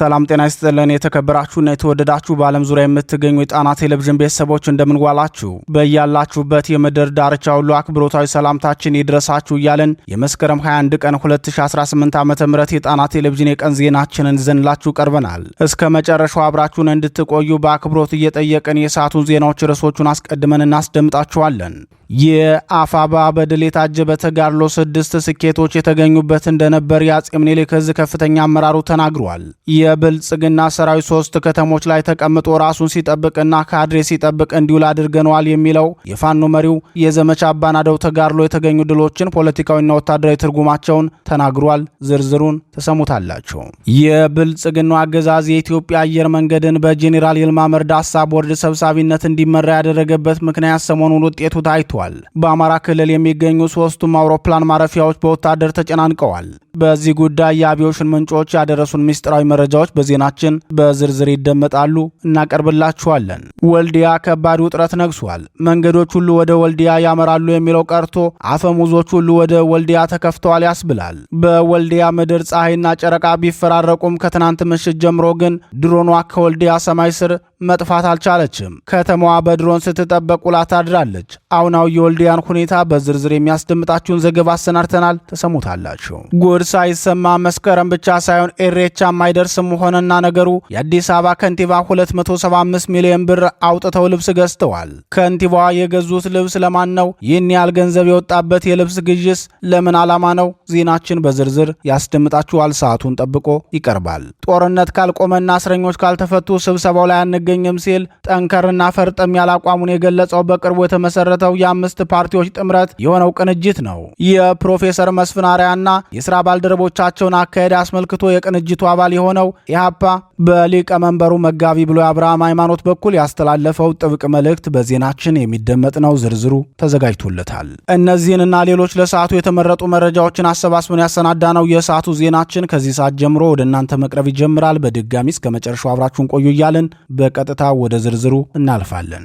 ሰላም ጤና ይስጥልን። የተከበራችሁና የተወደዳችሁ በዓለም ዙሪያ የምትገኙ የጣና ቴሌቪዥን ቤተሰቦች እንደምንዋላችሁ፣ በያላችሁበት የምድር ዳርቻ ሁሉ አክብሮታዊ ሰላምታችን ይድረሳችሁ እያለን የመስከረም 21 ቀን 2018 ዓ ም የጣና ቴሌቪዥን የቀን ዜናችንን ይዘንላችሁ ቀርበናል። እስከ መጨረሻው አብራችሁን እንድትቆዩ በአክብሮት እየጠየቅን የሰዓቱን ዜናዎች ርዕሶቹን አስቀድመን እናስደምጣችኋለን። የአፋባ በድል የታጀበ ተጋድሎ ስድስት ስኬቶች የተገኙበት እንደነበር የአጼ ምኒልክ እዝ ከፍተኛ አመራሩ ተናግሯል። የብልጽግና ሰራዊት ሶስት ከተሞች ላይ ተቀምጦ ራሱን ሲጠብቅና ካድሬ ሲጠብቅ እንዲውል አድርገነዋል የሚለው የፋኖ መሪው የዘመቻ አባናደው ተጋድሎ የተገኙ ድሎችን ፖለቲካዊና ወታደራዊ ትርጉማቸውን ተናግሯል። ዝርዝሩን ተሰሙታላቸው። የብልጽግናው አገዛዝ የኢትዮጵያ አየር መንገድን በጄኔራል ይልማ መርዳሳ ቦርድ ሰብሳቢነት እንዲመራ ያደረገበት ምክንያት ሰሞኑን ውጤቱ ታይቷል። በአማራ ክልል የሚገኙ ሶስቱም አውሮፕላን ማረፊያዎች በወታደር ተጨናንቀዋል። በዚህ ጉዳይ የአብዮሽን ምንጮች ያደረሱን ሚስጥራዊ መረጃ መረጃዎች በዜናችን በዝርዝር ይደመጣሉ፣ እናቀርብላችኋለን። ወልዲያ ከባድ ውጥረት ነግሷል። መንገዶች ሁሉ ወደ ወልዲያ ያመራሉ የሚለው ቀርቶ አፈሙዞች ሁሉ ወደ ወልዲያ ተከፍተዋል ያስብላል። በወልዲያ ምድር ፀሐይና ጨረቃ ቢፈራረቁም ከትናንት ምሽት ጀምሮ ግን ድሮኗ ከወልዲያ ሰማይ ስር መጥፋት አልቻለችም። ከተማዋ በድሮን ስትጠበቅ ውላ ታድራለች። አሁናዊ የወልዲያን ሁኔታ በዝርዝር የሚያስደምጣችሁን ዘገባ አሰናድተናል፣ ተሰሙታላችሁ። ጉድ ሳይሰማ መስከረም ብቻ ሳይሆን ኤሬቻ የማይደርስም ሆነና ነገሩ የአዲስ አበባ ከንቲባ 275 ሚሊዮን ብር አውጥተው ልብስ ገዝተዋል። ከንቲባዋ የገዙት ልብስ ለማን ነው? ይህን ያህል ገንዘብ የወጣበት የልብስ ግዥስ ለምን ዓላማ ነው? ዜናችን በዝርዝር ያስደምጣችኋል። ሰዓቱን ጠብቆ ይቀርባል። ጦርነት ካልቆመና እስረኞች ካልተፈቱ ስብሰባው ላይ አንገ አልተገኘም ሲል ጠንከርና ፈርጠም ያለ አቋሙን የገለጸው በቅርቡ የተመሰረተው የአምስት ፓርቲዎች ጥምረት የሆነው ቅንጅት ነው። የፕሮፌሰር መስፍን አርአያና የስራ ባልደረቦቻቸውን አካሄድ አስመልክቶ የቅንጅቱ አባል የሆነው ኢህአፓ በሊቀመንበሩ መጋቢ ብሎ የአብርሃም ሃይማኖት በኩል ያስተላለፈው ጥብቅ መልእክት በዜናችን የሚደመጥ ነው። ዝርዝሩ ተዘጋጅቶለታል። እነዚህንና ሌሎች ለሰዓቱ የተመረጡ መረጃዎችን አሰባስበን ያሰናዳ ነው የሰዓቱ ዜናችን ከዚህ ሰዓት ጀምሮ ወደ እናንተ መቅረብ ይጀምራል። በድጋሚ እስከ መጨረሻው አብራችሁን ቆዩ እያልን በቀ ቀጥታ ወደ ዝርዝሩ እናልፋለን።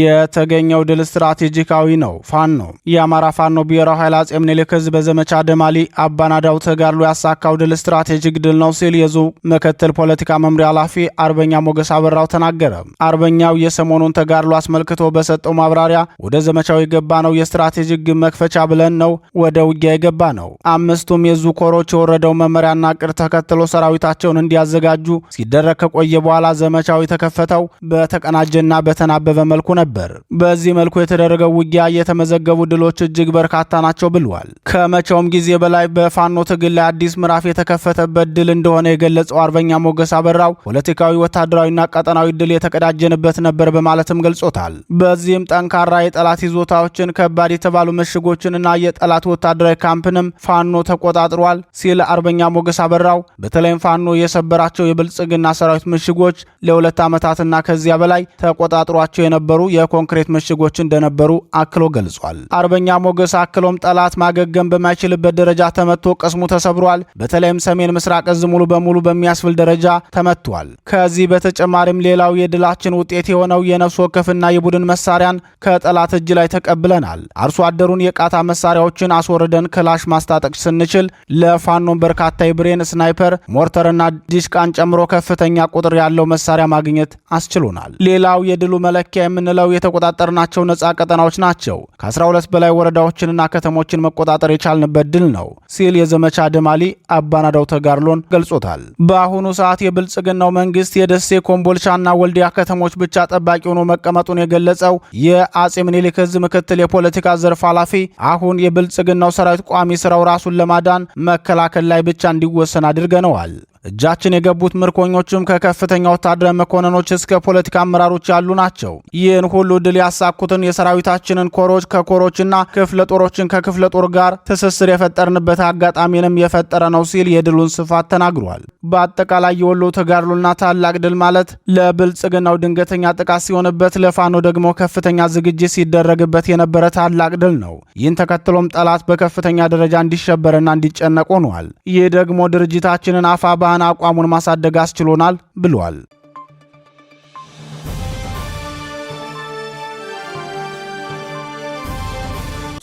የተገኘው ድል ስትራቴጂካዊ ነው። ፋኖ የአማራ ፋኖ ብሔራዊ ኃይል አጼ ምኒልክ ህዝብ በዘመቻ ደማሊ አባናዳው ተጋድሎ ያሳካው ድል ስትራቴጂክ ድል ነው ሲል የዙ ምክትል ፖለቲካ መምሪያ ኃላፊ አርበኛ ሞገስ አበራው ተናገረ። አርበኛው የሰሞኑን ተጋድሎ አስመልክቶ በሰጠው ማብራሪያ ወደ ዘመቻው የገባ ነው የስትራቴጂክ ግብ መክፈቻ ብለን ነው ወደ ውጊያ የገባ ነው። አምስቱም የዙ ኮሮች የወረደው መመሪያና ቅር ተከትሎ ሰራዊታቸውን እንዲያዘጋጁ ሲደረግ ከቆየ በኋላ ዘመቻው የተከፈተው በተቀናጀና በተናበበ መልኩ ነበር። በዚህ መልኩ የተደረገው ውጊያ የተመዘገቡ ድሎች እጅግ በርካታ ናቸው ብሏል። ከመቼውም ጊዜ በላይ በፋኖ ትግል ላይ አዲስ ምዕራፍ የተከፈተበት ድል እንደሆነ የገለጸው አርበኛ ሞገስ አበራው ፖለቲካዊ፣ ወታደራዊና ቀጠናዊ ድል የተቀዳጀንበት ነበር በማለትም ገልጾታል። በዚህም ጠንካራ የጠላት ይዞታዎችን፣ ከባድ የተባሉ ምሽጎችንና የጠላት ወታደራዊ ካምፕንም ፋኖ ተቆጣጥሯል ሲል አርበኛ ሞገስ አበራው በተለይም ፋኖ የሰበራቸው የብልጽግና ሰራዊት ምሽጎች ለሁለት ዓመታትና ከዚያ በላይ ተቆጣጥሯቸው የነበሩ የኮንክሪት ምሽጎች እንደነበሩ አክሎ ገልጿል። አርበኛ ሞገስ አክሎም ጠላት ማገገም በማይችልበት ደረጃ ተመቶ ቅስሙ ተሰብሯል። በተለይም ሰሜን ምስራቅ እዝ ሙሉ በሙሉ በሚያስብል ደረጃ ተመቷል። ከዚህ በተጨማሪም ሌላው የድላችን ውጤት የሆነው የነፍስ ወከፍና የቡድን መሳሪያን ከጠላት እጅ ላይ ተቀብለናል። አርሶ አደሩን የቃታ መሳሪያዎችን አስወርደን ክላሽ ማስታጠቅ ስንችል ለፋኖን በርካታ የብሬን ስናይፐር፣ ሞርተርና ዲሽቃን ጨምሮ ከፍተኛ ቁጥር ያለው መሳሪያ ማግኘት አስችሎናል። ሌላው የድሉ መለኪያ የምንለው ክልለው የተቆጣጠርናቸው ነፃ ቀጠናዎች ናቸው። ከ12 በላይ ወረዳዎችንና ከተሞችን መቆጣጠር የቻልንበት ድል ነው ሲል የዘመቻ ደማሊ አባናዳው ተጋድሎን ገልጾታል። በአሁኑ ሰዓት የብልጽግናው መንግስት የደሴ ኮምቦልቻና ወልዲያ ከተሞች ብቻ ጠባቂ ሆኖ መቀመጡን የገለጸው የአጼ ምኒልክ ዕዝ ምክትል የፖለቲካ ዘርፍ ኃላፊ አሁን የብልጽግናው ሰራዊት ቋሚ ስራው ራሱን ለማዳን መከላከል ላይ ብቻ እንዲወሰን አድርገነዋል። እጃችን የገቡት ምርኮኞቹም ከከፍተኛ ወታደራዊ መኮንኖች እስከ ፖለቲካ አመራሮች ያሉ ናቸው። ይህን ሁሉ ድል ያሳኩትን የሰራዊታችንን ኮሮች ከኮሮችና ክፍለ ጦሮችን ከክፍለ ጦር ጋር ትስስር የፈጠርንበት አጋጣሚንም የፈጠረ ነው ሲል የድሉን ስፋት ተናግሯል። በአጠቃላይ የወሎ ተጋድሎና ታላቅ ድል ማለት ለብልጽግናው ድንገተኛ ጥቃት ሲሆንበት፣ ለፋኖ ደግሞ ከፍተኛ ዝግጅት ሲደረግበት የነበረ ታላቅ ድል ነው። ይህን ተከትሎም ጠላት በከፍተኛ ደረጃ እንዲሸበርና እንዲጨነቅ ሆኗል። ይህ ደግሞ ድርጅታችንን አፋባ አቋሙን ማሳደግ አስችሎናል ብሏል።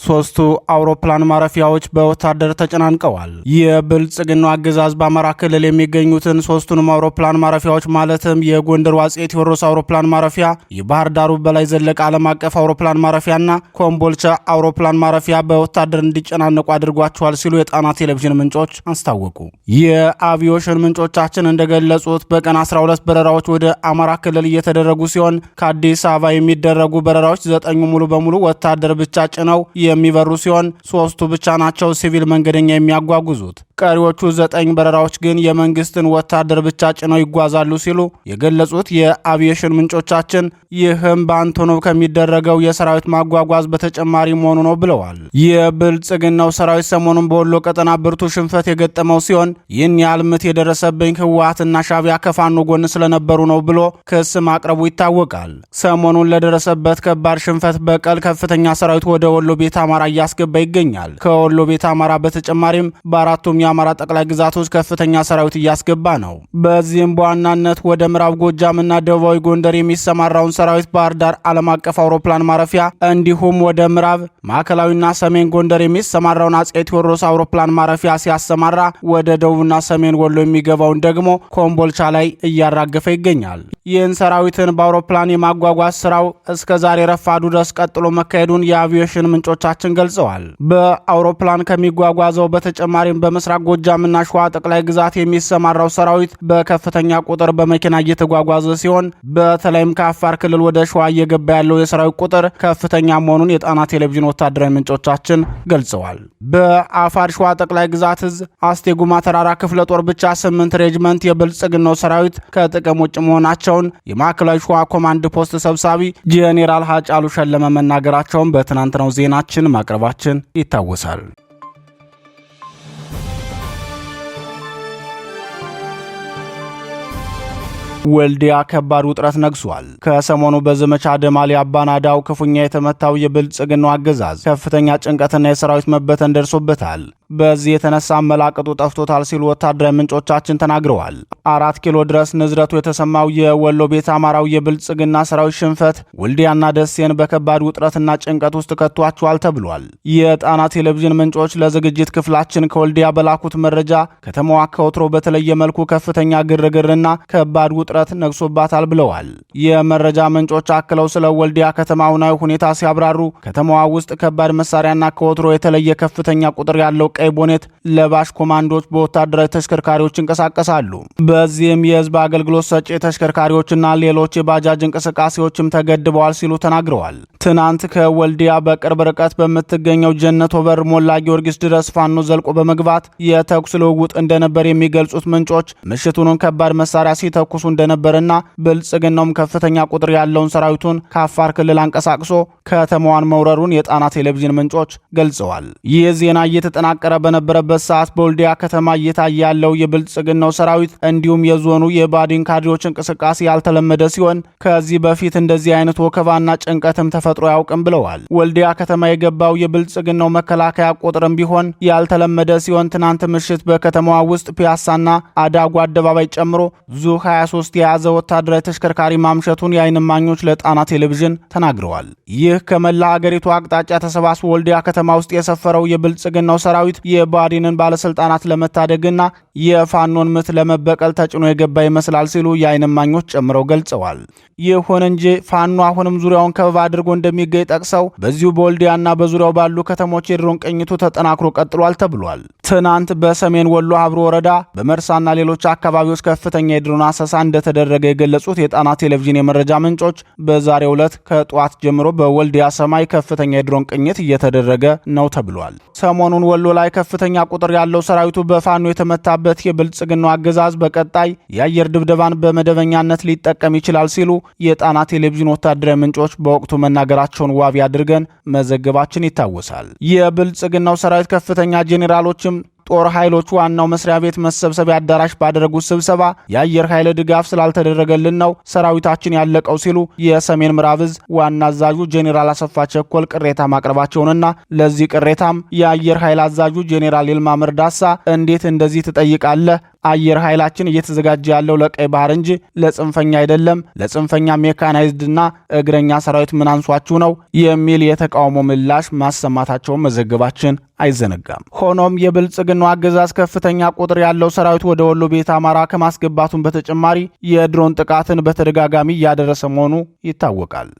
ሶስቱ አውሮፕላን ማረፊያዎች በወታደር ተጨናንቀዋል። የብልጽግናው አገዛዝ በአማራ ክልል የሚገኙትን ሶስቱንም አውሮፕላን ማረፊያዎች ማለትም የጎንደር አፄ ቴዎድሮስ አውሮፕላን ማረፊያ፣ የባህር ዳሩ በላይ ዘለቀ ዓለም አቀፍ አውሮፕላን ማረፊያና ኮምቦልቻ አውሮፕላን ማረፊያ በወታደር እንዲጨናነቁ አድርጓቸዋል ሲሉ የጣና ቴሌቪዥን ምንጮች አስታወቁ። የአቪዮሽን ምንጮቻችን እንደገለጹት በቀን 12 በረራዎች ወደ አማራ ክልል እየተደረጉ ሲሆን ከአዲስ አበባ የሚደረጉ በረራዎች ዘጠኙ ሙሉ በሙሉ ወታደር ብቻ ጭነው የሚበሩ ሲሆን ሶስቱ ብቻ ናቸው ሲቪል መንገደኛ የሚያጓጉዙት። ቀሪዎቹ ዘጠኝ በረራዎች ግን የመንግስትን ወታደር ብቻ ጭነው ይጓዛሉ ሲሉ የገለጹት የአቪዬሽን ምንጮቻችን ይህም በአንቶኖቭ ከሚደረገው የሰራዊት ማጓጓዝ በተጨማሪ መሆኑ ነው ብለዋል። የብልጽግናው ሰራዊት ሰሞኑን በወሎ ቀጠና ብርቱ ሽንፈት የገጠመው ሲሆን ይህን ያህል ምት የደረሰብኝ ህወሓትና ሻቢያ ከፋኖ ጎን ስለነበሩ ነው ብሎ ክስ ማቅረቡ ይታወቃል። ሰሞኑን ለደረሰበት ከባድ ሽንፈት በቀል ከፍተኛ ሰራዊት ወደ ወሎ ቤት አማራ እያስገባ ይገኛል። ከወሎ ቤት አማራ በተጨማሪም በአራቱም አማራ ጠቅላይ ግዛቶች ከፍተኛ ሰራዊት እያስገባ ነው። በዚህም በዋናነት ወደ ምዕራብ ጎጃምና ደቡባዊ ጎንደር የሚሰማራውን ሰራዊት ባህር ዳር ዓለም አቀፍ አውሮፕላን ማረፊያ እንዲሁም ወደ ምዕራብ ማዕከላዊና ሰሜን ጎንደር የሚሰማራውን አጼ ቴዎድሮስ አውሮፕላን ማረፊያ ሲያሰማራ ወደ ደቡብና ሰሜን ወሎ የሚገባውን ደግሞ ኮምቦልቻ ላይ እያራገፈ ይገኛል። ይህን ሰራዊትን በአውሮፕላን የማጓጓዝ ስራው እስከ ዛሬ ረፋዱ ድረስ ቀጥሎ መካሄዱን የአቪዬሽን ምንጮቻችን ገልጸዋል። በአውሮፕላን ከሚጓጓዘው በተጨማሪም በምስራ ምስራቅ ጎጃምና ሸዋ ጠቅላይ ግዛት የሚሰማራው ሰራዊት በከፍተኛ ቁጥር በመኪና እየተጓጓዘ ሲሆን በተለይም ከአፋር ክልል ወደ ሸዋ እየገባ ያለው የሰራዊት ቁጥር ከፍተኛ መሆኑን የጣና ቴሌቪዥን ወታደራዊ ምንጮቻችን ገልጸዋል። በአፋር ሸዋ ጠቅላይ ግዛት እዝ አስቴጉማ ተራራ ክፍለ ጦር ብቻ ስምንት ሬጅመንት የብልጽግናው ሰራዊት ከጥቅም ውጭ መሆናቸውን የማዕከላዊ ሸዋ ኮማንድ ፖስት ሰብሳቢ ጄኔራል ሀጫሉ ሸለመ መናገራቸውን በትናንትናው ዜናችን ማቅረባችን ይታወሳል። ወልዲያ ከባድ ውጥረት ነግሷል። ከሰሞኑ በዘመቻ ደማሊ አባናዳው ክፉኛ የተመታው የብልጽግናው አገዛዝ ከፍተኛ ጭንቀትና የሰራዊት መበተን ደርሶበታል። በዚህ የተነሳ አመላቀጡ ጠፍቶታል ሲሉ ወታደራዊ ምንጮቻችን ተናግረዋል። አራት ኪሎ ድረስ ንዝረቱ የተሰማው የወሎ ቤት አማራው የብልጽግና ሰራዊት ሽንፈት ወልዲያና ደሴን በከባድ ውጥረትና ጭንቀት ውስጥ ከቷቸዋል ተብሏል። የጣና ቴሌቪዥን ምንጮች ለዝግጅት ክፍላችን ከወልዲያ በላኩት መረጃ ከተማዋ ከወትሮ በተለየ መልኩ ከፍተኛ ግርግርና ከባድ ውጥረት ነግሶባታል ብለዋል። የመረጃ ምንጮች አክለው ስለ ወልዲያ ከተማ አሁናዊ ሁኔታ ሲያብራሩ ከተማዋ ውስጥ ከባድ መሳሪያና ከወትሮ የተለየ ከፍተኛ ቁጥር ያለው ቀይ ቦኔት ለባሽ ኮማንዶች በወታደራዊ ተሽከርካሪዎች ይንቀሳቀሳሉ። በዚህም የህዝብ አገልግሎት ሰጪ ተሽከርካሪዎችና ሌሎች የባጃጅ እንቅስቃሴዎችም ተገድበዋል ሲሉ ተናግረዋል። ትናንት ከወልዲያ በቅርብ ርቀት በምትገኘው ጀነት ወበር ሞላ ጊዮርጊስ ድረስ ፋኖ ዘልቆ በመግባት የተኩስ ልውውጥ እንደነበር የሚገልጹት ምንጮች ምሽቱንም ከባድ መሳሪያ ሲተኩሱ እንደነበርና ብልጽግናውም ከፍተኛ ቁጥር ያለውን ሰራዊቱን ከአፋር ክልል አንቀሳቅሶ ከተማዋን መውረሩን የጣና ቴሌቪዥን ምንጮች ገልጸዋል። ይህ ዜና እየተጠናቀረ እየተፈጠረ በነበረበት ሰዓት በወልዲያ ከተማ እየታየ ያለው የብልጽግናው ሰራዊት እንዲሁም የዞኑ የባዲን ካድሬዎች እንቅስቃሴ ያልተለመደ ሲሆን ከዚህ በፊት እንደዚህ አይነት ወከባና ጭንቀትም ተፈጥሮ አያውቅም ብለዋል። ወልዲያ ከተማ የገባው የብልጽግናው መከላከያ ቁጥርም ቢሆን ያልተለመደ ሲሆን ትናንት ምሽት በከተማዋ ውስጥ ፒያሳና አዳጉ አደባባይ ጨምሮ ዙ 23 የያዘ ወታደራዊ ተሽከርካሪ ማምሸቱን የአይን እማኞች ለጣና ቴሌቪዥን ተናግረዋል። ይህ ከመላ አገሪቱ አቅጣጫ ተሰባስቦ ወልዲያ ከተማ ውስጥ የሰፈረው የብልጽግናው ሰራዊት ሰራዊት የባዲንን ባለስልጣናት ለመታደግና የፋኖን ምት ለመበቀል ተጭኖ የገባ ይመስላል ሲሉ የዓይን እማኞች ጨምረው ገልጸዋል። ይሁን እንጂ ፋኖ አሁንም ዙሪያውን ከበባ አድርጎ እንደሚገኝ ጠቅሰው በዚሁ በወልዲያና በዙሪያው ባሉ ከተሞች የድሮን ቅኝቱ ተጠናክሮ ቀጥሏል ተብሏል። ትናንት በሰሜን ወሎ አብሮ ወረዳ በመርሳና ሌሎች አካባቢዎች ከፍተኛ የድሮን አሰሳ እንደተደረገ የገለጹት የጣና ቴሌቪዥን የመረጃ ምንጮች በዛሬው ዕለት ከጠዋት ጀምሮ በወልዲያ ሰማይ ከፍተኛ የድሮን ቅኝት እየተደረገ ነው ተብሏል። ሰሞኑን ወሎ ላይ ከፍተኛ ቁጥር ያለው ሰራዊቱ በፋኖ የተመታበት የብልጽግናው አገዛዝ በቀጣይ የአየር ድብደባን በመደበኛነት ሊጠቀም ይችላል ሲሉ የጣና ቴሌቪዥን ወታደራዊ ምንጮች በወቅቱ መናገራቸውን ዋቢ አድርገን መዘገባችን ይታወሳል። የብልጽግናው ሰራዊት ከፍተኛ ጄኔራሎችም ጦር ኃይሎች ዋናው መስሪያ ቤት መሰብሰቢያ አዳራሽ ባደረጉት ስብሰባ የአየር ኃይል ድጋፍ ስላልተደረገልን ነው ሰራዊታችን ያለቀው ሲሉ የሰሜን ምዕራብ እዝ ዋና አዛዡ ጄኔራል አሰፋ ቸኮል ቅሬታ ማቅረባቸውንና ለዚህ ቅሬታም የአየር ኃይል አዛዡ ጄኔራል ይልማ መርዳሳ እንዴት እንደዚህ ትጠይቃለህ አየር ኃይላችን እየተዘጋጀ ያለው ለቀይ ባህር እንጂ ለጽንፈኛ አይደለም። ለጽንፈኛ ሜካናይዝድና እግረኛ ሰራዊት ምናንሷችሁ ነው የሚል የተቃውሞ ምላሽ ማሰማታቸውን መዘገባችን አይዘነጋም። ሆኖም የብልጽግናው አገዛዝ ከፍተኛ ቁጥር ያለው ሰራዊት ወደ ወሎ ቤት አማራ ከማስገባቱን በተጨማሪ የድሮን ጥቃትን በተደጋጋሚ እያደረሰ መሆኑ ይታወቃል።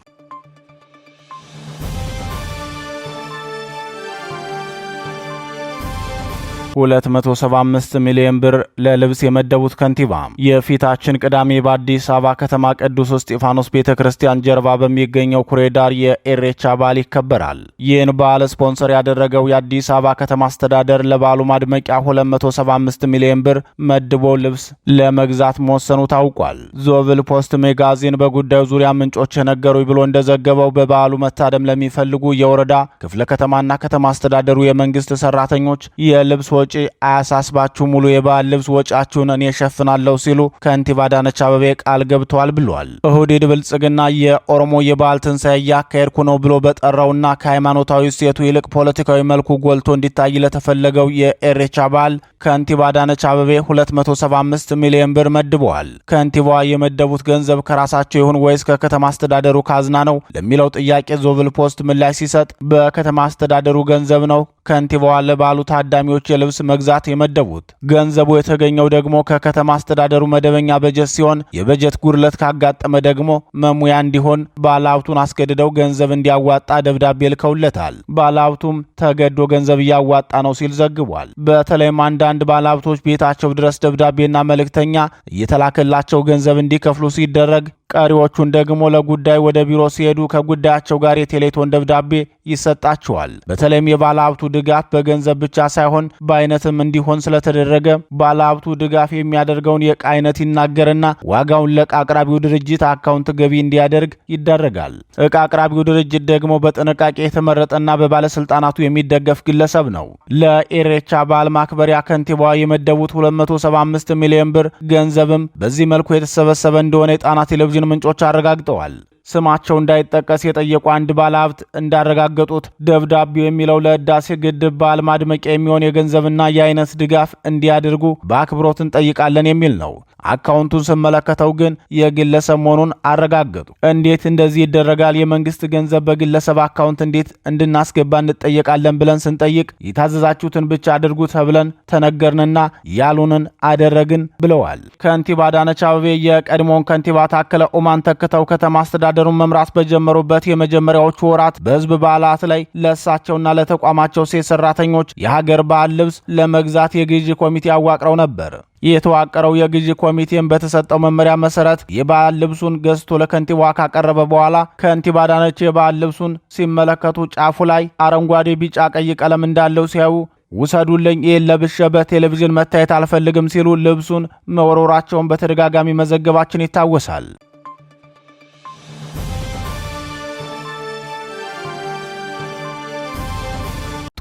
275 ሚሊዮን ብር ለልብስ የመደቡት ከንቲባ የፊታችን ቅዳሜ በአዲስ አበባ ከተማ ቅዱስ እስጢፋኖስ ቤተ ክርስቲያን ጀርባ በሚገኘው ኩሬዳር የኤሬቻ በዓል ይከበራል። ይህን በዓል ስፖንሰር ያደረገው የአዲስ አበባ ከተማ አስተዳደር ለበዓሉ ማድመቂያ 275 ሚሊዮን ብር መድቦ ልብስ ለመግዛት መወሰኑ ታውቋል። ዞብል ፖስት ሜጋዚን በጉዳዩ ዙሪያ ምንጮች የነገሩኝ ብሎ እንደዘገበው በበዓሉ መታደም ለሚፈልጉ የወረዳ ክፍለ ከተማና ከተማ አስተዳደሩ የመንግስት ሰራተኞች የልብስ ወጪ አያሳስባችሁ፣ ሙሉ የበዓል ልብስ ወጪያችሁን እኔ እሸፍናለሁ ሲሉ ከንቲባ አዳነች አበቤ ቃል ገብተዋል ብለዋል። እሁድ ብልጽግና የኦሮሞ የበዓል ትንሣኤ እያካሄድኩ ነው ብሎ በጠራውና ከሃይማኖታዊ እሴቱ ይልቅ ፖለቲካዊ መልኩ ጎልቶ እንዲታይ ለተፈለገው የኤሬቻ በዓል ከንቲባ አዳነች አበቤ 275 ሚሊዮን ብር መድበዋል። ከንቲባዋ የመደቡት ገንዘብ ከራሳቸው ይሁን ወይስ ከከተማ አስተዳደሩ ካዝና ነው ለሚለው ጥያቄ ዞብል ፖስት ምላሽ ሲሰጥ በከተማ አስተዳደሩ ገንዘብ ነው። ከንቲባዋ ለባሉ ታዳሚዎች የልብስ ልብስ መግዛት የመደቡት። ገንዘቡ የተገኘው ደግሞ ከከተማ አስተዳደሩ መደበኛ በጀት ሲሆን የበጀት ጉድለት ካጋጠመ ደግሞ መሙያ እንዲሆን ባለሀብቱን አስገድደው ገንዘብ እንዲያዋጣ ደብዳቤ ልከውለታል። ባለሀብቱም ተገዶ ገንዘብ እያዋጣ ነው ሲል ዘግቧል። በተለይም አንዳንድ ባለሀብቶች ቤታቸው ድረስ ደብዳቤና መልእክተኛ እየተላከላቸው ገንዘብ እንዲከፍሉ ሲደረግ ቀሪዎቹን ደግሞ ለጉዳይ ወደ ቢሮ ሲሄዱ ከጉዳያቸው ጋር የቴሌቶን ደብዳቤ ይሰጣቸዋል። በተለይም የባለሀብቱ ድጋፍ በገንዘብ ብቻ ሳይሆን አይነትም እንዲሆን ስለተደረገ ባለሀብቱ ድጋፍ የሚያደርገውን የዕቃ አይነት ይናገርና ዋጋውን ለዕቃ አቅራቢው ድርጅት አካውንት ገቢ እንዲያደርግ ይደረጋል። ዕቃ አቅራቢው ድርጅት ደግሞ በጥንቃቄ የተመረጠና በባለስልጣናቱ የሚደገፍ ግለሰብ ነው። ለኤሬቻ በዓል ማክበሪያ ከንቲባዋ የመደቡት 275 ሚሊዮን ብር ገንዘብም በዚህ መልኩ የተሰበሰበ እንደሆነ የጣና ቴሌቪዥን ምንጮች አረጋግጠዋል። ስማቸው እንዳይጠቀስ የጠየቁ አንድ ባለሀብት እንዳረጋገጡት ደብዳቤው የሚለው ለህዳሴ ግድብ በዓል ማድመቂያ የሚሆን የገንዘብና የአይነት ድጋፍ እንዲያደርጉ በአክብሮት እንጠይቃለን የሚል ነው። አካውንቱን ስመለከተው ግን የግለሰብ መሆኑን አረጋገጡ። እንዴት እንደዚህ ይደረጋል? የመንግስት ገንዘብ በግለሰብ አካውንት እንዴት እንድናስገባ እንጠየቃለን? ብለን ስንጠይቅ የታዘዛችሁትን ብቻ አድርጉ ተብለን ተነገርንና ያሉንን አደረግን ብለዋል። ከንቲባ አዳነች አበቤ የቀድሞውን ከንቲባ ታከለ ኡማን ተክተው ከተማ አስተዳደ አስተዳደሩን መምራት በጀመሩበት የመጀመሪያዎቹ ወራት በህዝብ በዓላት ላይ ለእሳቸውና ለተቋማቸው ሴት ሰራተኞች የሀገር ባህል ልብስ ለመግዛት የግዢ ኮሚቴ አዋቅረው ነበር። የተዋቀረው የግዢ ኮሚቴም በተሰጠው መመሪያ መሰረት የባህል ልብሱን ገዝቶ ለከንቲባ ካቀረበ በኋላ ከንቲባ አዳነች የባህል ልብሱን ሲመለከቱ ጫፉ ላይ አረንጓዴ፣ ቢጫ፣ ቀይ ቀለም እንዳለው ሲያዩ ውሰዱልኝ፣ ይህን ለብሼ በቴሌቪዥን መታየት አልፈልግም ሲሉ ልብሱን መወርወራቸውን በተደጋጋሚ መዘገባችን ይታወሳል።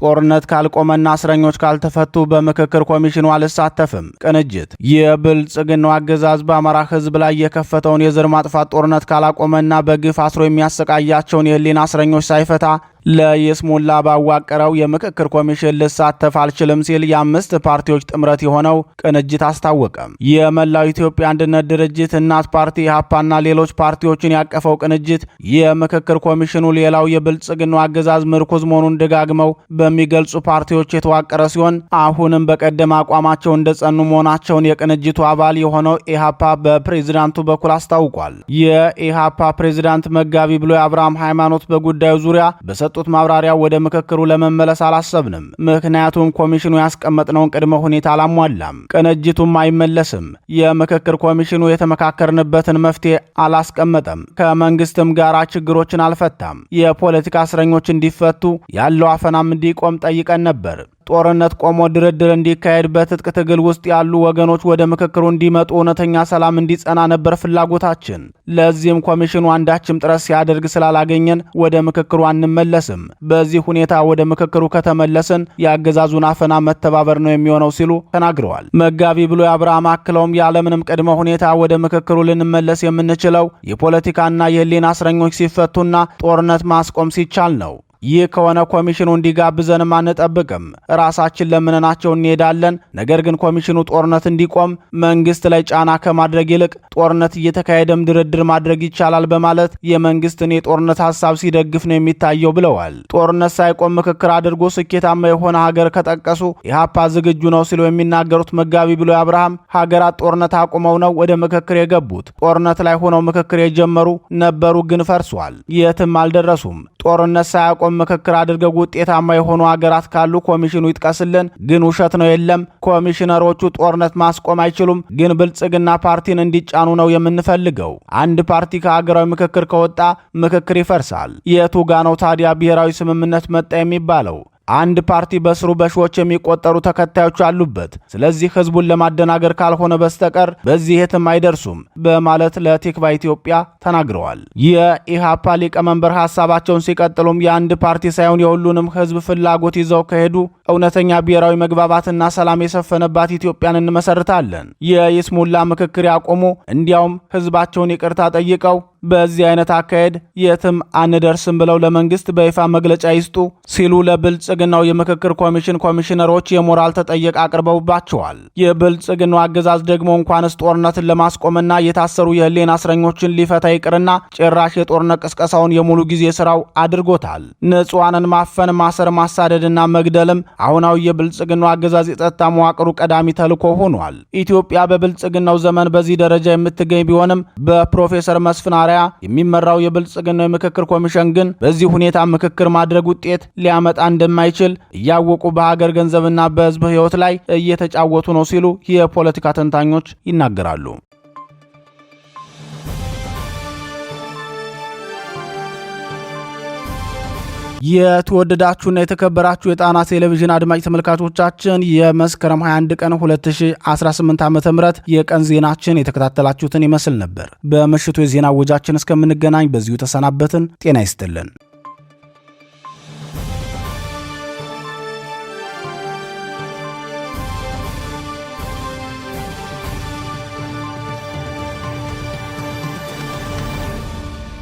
ጦርነት ካልቆመና እስረኞች ካልተፈቱ በምክክር ኮሚሽኑ አልሳተፍም። ቅንጅት የብልጽግናው አገዛዝ በአማራ ህዝብ ላይ የከፈተውን የዘር ማጥፋት ጦርነት ካላቆመና በግፍ አስሮ የሚያሰቃያቸውን የህሊና እስረኞች ሳይፈታ ለይስሙላ ባዋቀረው የምክክር ኮሚሽን ልሳተፍ አልችልም ሲል የአምስት ፓርቲዎች ጥምረት የሆነው ቅንጅት አስታወቀም። የመላው ኢትዮጵያ አንድነት ድርጅት፣ እናት ፓርቲ፣ ኢህአፓና ሌሎች ፓርቲዎችን ያቀፈው ቅንጅት የምክክር ኮሚሽኑ ሌላው የብልጽግናው አገዛዝ ምርኩዝ መሆኑን ደጋግመው በሚገልጹ ፓርቲዎች የተዋቀረ ሲሆን አሁንም በቀደም አቋማቸው እንደጸኑ መሆናቸውን የቅንጅቱ አባል የሆነው ኢህአፓ በፕሬዝዳንቱ በኩል አስታውቋል። የኢህአፓ ፕሬዝዳንት መጋቢ ብሎ የአብርሃም ሃይማኖት በጉዳዩ ዙሪያ በሰ በሰጡት ማብራሪያ ወደ ምክክሩ ለመመለስ አላሰብንም። ምክንያቱም ኮሚሽኑ ያስቀመጥነውን ቅድመ ሁኔታ አላሟላም፣ ቅንጅቱም አይመለስም። የምክክር ኮሚሽኑ የተመካከርንበትን መፍትሄ አላስቀመጠም፣ ከመንግስትም ጋር ችግሮችን አልፈታም። የፖለቲካ እስረኞች እንዲፈቱ ያለው አፈናም እንዲቆም ጠይቀን ነበር። ጦርነት ቆሞ ድርድር እንዲካሄድ በትጥቅ ትግል ውስጥ ያሉ ወገኖች ወደ ምክክሩ እንዲመጡ እውነተኛ ሰላም እንዲጸና ነበር ፍላጎታችን። ለዚህም ኮሚሽኑ አንዳችም ጥረት ሲያደርግ ስላላገኘን ወደ ምክክሩ አንመለስ አይመለስም። በዚህ ሁኔታ ወደ ምክክሩ ከተመለስን የአገዛዙን አፈና መተባበር ነው የሚሆነው ሲሉ ተናግረዋል። መጋቢ ብሎ አብርሃም አክለውም ያለምንም ቅድመ ሁኔታ ወደ ምክክሩ ልንመለስ የምንችለው የፖለቲካና የህሊና እስረኞች ሲፈቱና ጦርነት ማስቆም ሲቻል ነው። ይህ ከሆነ ኮሚሽኑ እንዲጋብዘንም አንጠብቅም። ራሳችን ለምነናቸው እንሄዳለን። ነገር ግን ኮሚሽኑ ጦርነት እንዲቆም መንግስት ላይ ጫና ከማድረግ ይልቅ ጦርነት እየተካሄደም ድርድር ማድረግ ይቻላል በማለት የመንግስትን የጦርነት ሀሳብ ሲደግፍ ነው የሚታየው ብለዋል። ጦርነት ሳይቆም ምክክር አድርጎ ስኬታማ የሆነ ሀገር ከጠቀሱ ኢህአፓ ዝግጁ ነው ሲሉ የሚናገሩት መጋቢ ብሎ አብርሃም ሀገራት ጦርነት አቁመው ነው ወደ ምክክር የገቡት። ጦርነት ላይ ሆነው ምክክር የጀመሩ ነበሩ፣ ግን ፈርሷል፣ የትም አልደረሱም። ጦርነት ሳያቆም ያለውን ምክክር አድርገው ውጤታማ የሆኑ ሀገራት ካሉ ኮሚሽኑ ይጥቀስልን። ግን ውሸት ነው የለም። ኮሚሽነሮቹ ጦርነት ማስቆም አይችሉም፣ ግን ብልጽግና ፓርቲን እንዲጫኑ ነው የምንፈልገው። አንድ ፓርቲ ከሀገራዊ ምክክር ከወጣ ምክክር ይፈርሳል። የቱ ጋ ነው ታዲያ ብሔራዊ ስምምነት መጣ የሚባለው? አንድ ፓርቲ በስሩ በሺዎች የሚቆጠሩ ተከታዮች አሉበት። ስለዚህ ህዝቡን ለማደናገር ካልሆነ በስተቀር በዚህ የትም አይደርሱም በማለት ለቲክቫ ኢትዮጵያ ተናግረዋል። የኢሃፓ ሊቀመንበር ሀሳባቸውን ሲቀጥሉም የአንድ ፓርቲ ሳይሆን የሁሉንም ህዝብ ፍላጎት ይዘው ከሄዱ እውነተኛ ብሔራዊ መግባባትና ሰላም የሰፈነባት ኢትዮጵያን እንመሰርታለን። የይስሙላ ምክክር ያቆሙ፣ እንዲያውም ህዝባቸውን ይቅርታ ጠይቀው በዚህ አይነት አካሄድ የትም አንደርስም ብለው ለመንግስት በይፋ መግለጫ ይስጡ ሲሉ ለብልጽግናው የምክክር ኮሚሽን ኮሚሽነሮች የሞራል ተጠየቅ አቅርበውባቸዋል። የብልጽግናው አገዛዝ ደግሞ እንኳንስ ጦርነትን ለማስቆምና የታሰሩ የህሊና እስረኞችን ሊፈታ ይቅርና ጭራሽ የጦርነት ቅስቀሳውን የሙሉ ጊዜ ስራው አድርጎታል። ንጹሐንን ማፈን፣ ማሰር፣ ማሳደድና መግደልም አሁናዊ የብልጽግናው አገዛዝ የጸጥታ መዋቅሩ ቀዳሚ ተልዕኮ ሆኗል። ኢትዮጵያ በብልጽግናው ዘመን በዚህ ደረጃ የምትገኝ ቢሆንም በፕሮፌሰር መስፍን አርአያ መመሪያ የሚመራው የብልጽግናው የምክክር ኮሚሽን ግን በዚህ ሁኔታ ምክክር ማድረግ ውጤት ሊያመጣ እንደማይችል እያወቁ በሀገር ገንዘብና በህዝብ ህይወት ላይ እየተጫወቱ ነው ሲሉ የፖለቲካ ተንታኞች ይናገራሉ። የተወደዳችሁና የተከበራችሁ የጣና ቴሌቪዥን አድማጭ ተመልካቾቻችን የመስከረም 21 ቀን 2018 ዓ ም የቀን ዜናችን የተከታተላችሁትን ይመስል ነበር። በምሽቱ የዜና ወጃችን እስከምንገናኝ በዚሁ ተሰናበትን። ጤና ይስጥልን።